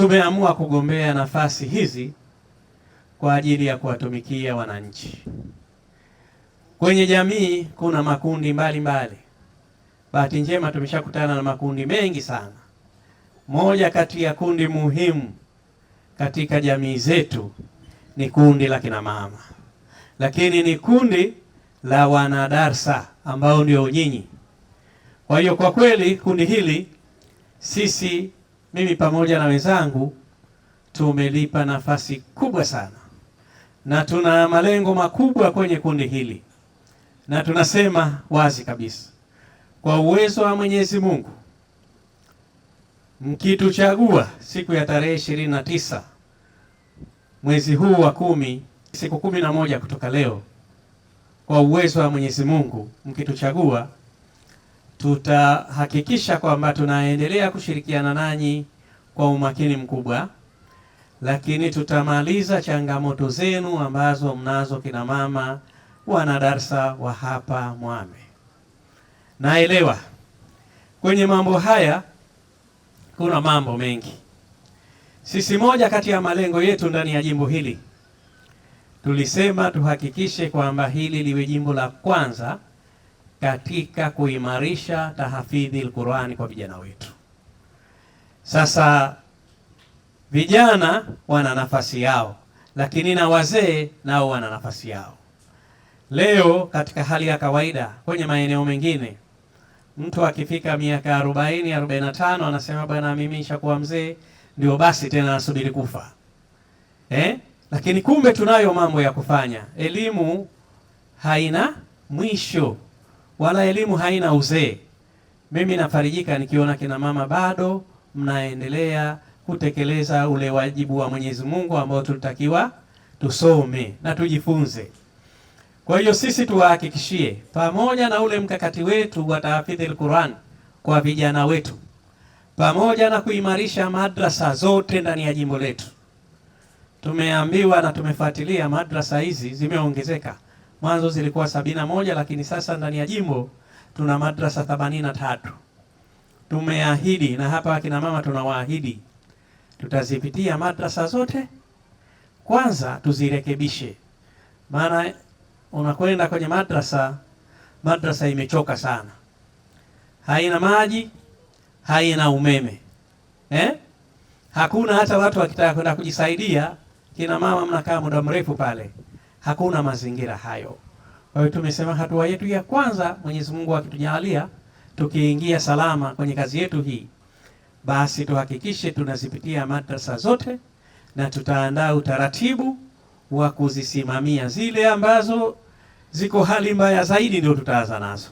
tumeamua kugombea nafasi hizi kwa ajili ya kuwatumikia wananchi. Kwenye jamii kuna makundi mbalimbali. Bahati njema tumeshakutana na makundi mengi sana. Moja kati ya kundi muhimu katika jamii zetu ni kundi la kina mama, lakini ni kundi la wanadarsa ambao ndio nyinyi. Kwa hiyo kwa kweli kundi hili sisi mimi pamoja na wenzangu tumelipa nafasi kubwa sana, na tuna malengo makubwa kwenye kundi hili, na tunasema wazi kabisa, kwa uwezo wa Mwenyezi Mungu, mkituchagua siku ya tarehe ishirini na tisa mwezi huu wa kumi, siku kumi na moja kutoka leo, kwa uwezo wa Mwenyezi Mungu mkituchagua tutahakikisha kwamba tunaendelea kushirikiana nanyi kwa umakini mkubwa, lakini tutamaliza changamoto zenu ambazo mnazo kina mama wanadarsa wa hapa Mwame. Naelewa kwenye mambo haya kuna mambo mengi. Sisi moja kati ya malengo yetu ndani ya jimbo hili tulisema tuhakikishe kwamba hili liwe jimbo la kwanza katika kuimarisha al Qur'ani kwa vijana wetu. Sasa vijana wana nafasi yao, lakini na wazee nao wana nafasi yao. Leo katika hali ya kawaida kwenye maeneo mengine mtu akifika miaka 40 45, anasema bwana, mimi nishakuwa mzee, ndio basi tena nasubiri kufa eh? Lakini kumbe tunayo mambo ya kufanya. Elimu haina mwisho wala elimu haina uzee. Mimi nafarijika nikiona kina mama bado mnaendelea kutekeleza ule wajibu wa Mwenyezi Mungu ambao tulitakiwa tusome na tujifunze. Kwa hiyo sisi tuwahakikishie, pamoja na ule mkakati wetu wa tahfidhi al-Qur'an kwa vijana wetu, pamoja na kuimarisha madrasa zote ndani ya jimbo letu, tumeambiwa na tumefuatilia madrasa hizi zimeongezeka mwanzo zilikuwa sabini na moja lakini sasa ndani ya jimbo tuna madrasa themanini na tatu. Tumeahidi na hapa akina mama tunawaahidi, tutazipitia madrasa zote kwanza tuzirekebishe, maana unakwenda kwenye madrasa, madrasa imechoka sana, haina maji, haina umeme eh? Hakuna hata watu wakitaka kwenda kujisaidia. Kina mama mnakaa muda mrefu pale hakuna mazingira hayo. Kwa hiyo tumesema hatua yetu ya kwanza, Mwenyezi Mungu akitujalia, tukiingia salama kwenye kazi yetu hii, basi tuhakikishe tunazipitia madrasa zote na tutaandaa utaratibu wa kuzisimamia zile ambazo ziko hali mbaya zaidi, ndio tutaanza nazo.